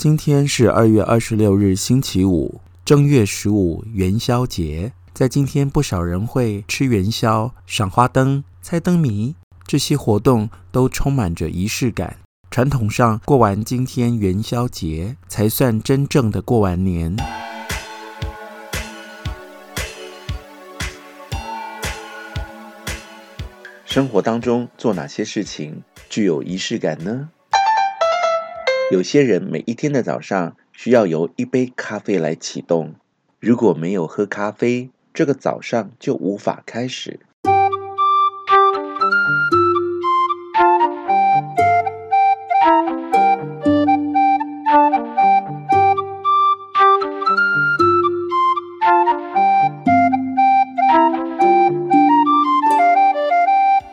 今天是二月二十六日，星期五，正月十五元宵節。在今天，不少人會吃元宵、賞花燈、猜燈謎，這些活動都充滿着儀式感。傳統上，過完今天元宵節，才算真正的過完年。生活當中，做哪些事情具有儀式感呢？有些人每一天的早上需要由一杯咖啡來啟動，如果沒有喝咖啡，這個早上就無法開始。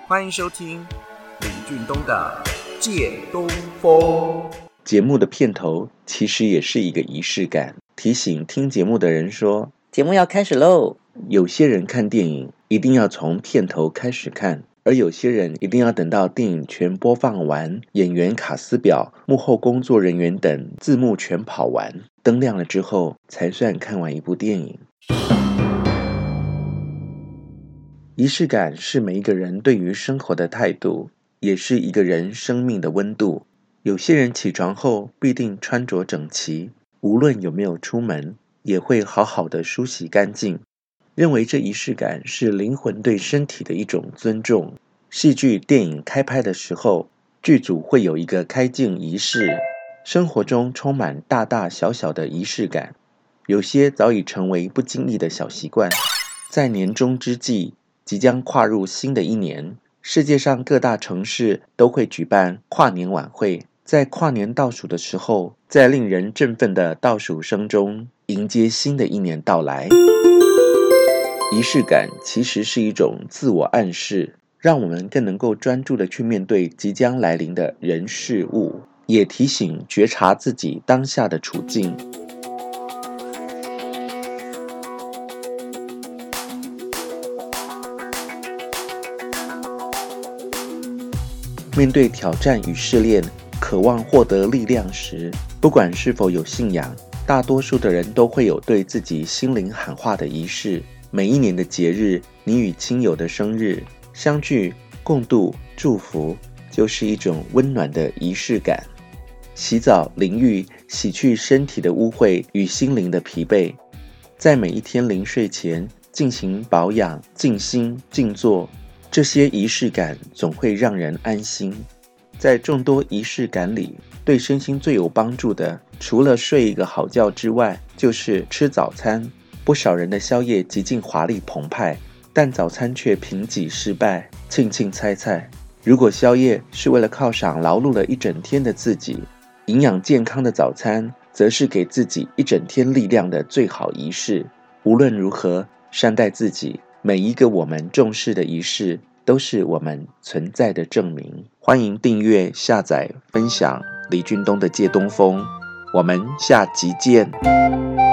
歡迎收聽李俊東的《借東風》。節目的片頭其實也是一個儀式感，提醒聽節目的人說：“節目要開始嘍。”有些人看電影一定要從片頭開始看，而有些人一定要等到電影全播放完，演員卡司表、幕後工作人員等字幕全跑完，燈亮了之後才算看完一部電影。 儀式感是每一個人對於生活的態度，也是一個人生命的溫度。有些人起床後必定穿着整齊，無論有沒有出門，也會好好的梳洗乾淨，認為這儀式感是靈魂對身體的一種尊重。戲劇電影開拍的時候，劇組會有一個開鏡儀式。生活中充滿大大小小的儀式感，有些早已成為不經意的小習慣。在年終之際，即將跨入新的一年，世界上各大城市都會舉辦跨年晚會。在跨年倒數的時候，在令人振奮的倒數聲中迎接新的一年到來。儀式感其實是一種自我暗示，讓我們更能夠專注的去面對即將來臨的人事物，也提醒覺察自己當下的處境。面對挑戰與試煉。渴望獲得力量時，不管是否有信仰，大多數的人都會有對自己心靈喊話的儀式。每一年的節日，你與親友的生日相聚共度祝福，就是一種溫暖的儀式感。洗澡淋浴，洗去身體的污穢與心靈的疲憊；在每一天臨睡前進行保養、靜心、靜坐，這些儀式感總會讓人安心。在眾多儀式感裡，對身心最有幫助的，除了睡一個好覺之外，就是吃早餐。不少人的宵夜極盡華麗澎湃，但早餐卻貧瘠失敗。慶慶猜猜，如果宵夜是為了犒賞勞碌了一整天的自己，營養健康的早餐，則是給自己一整天力量的最好儀式。無論如何，善待自己，每一個我們重視的儀式。都是我們存在的證明。歡迎訂閱、下載、分享李俊東的《借東風》。我們下集見。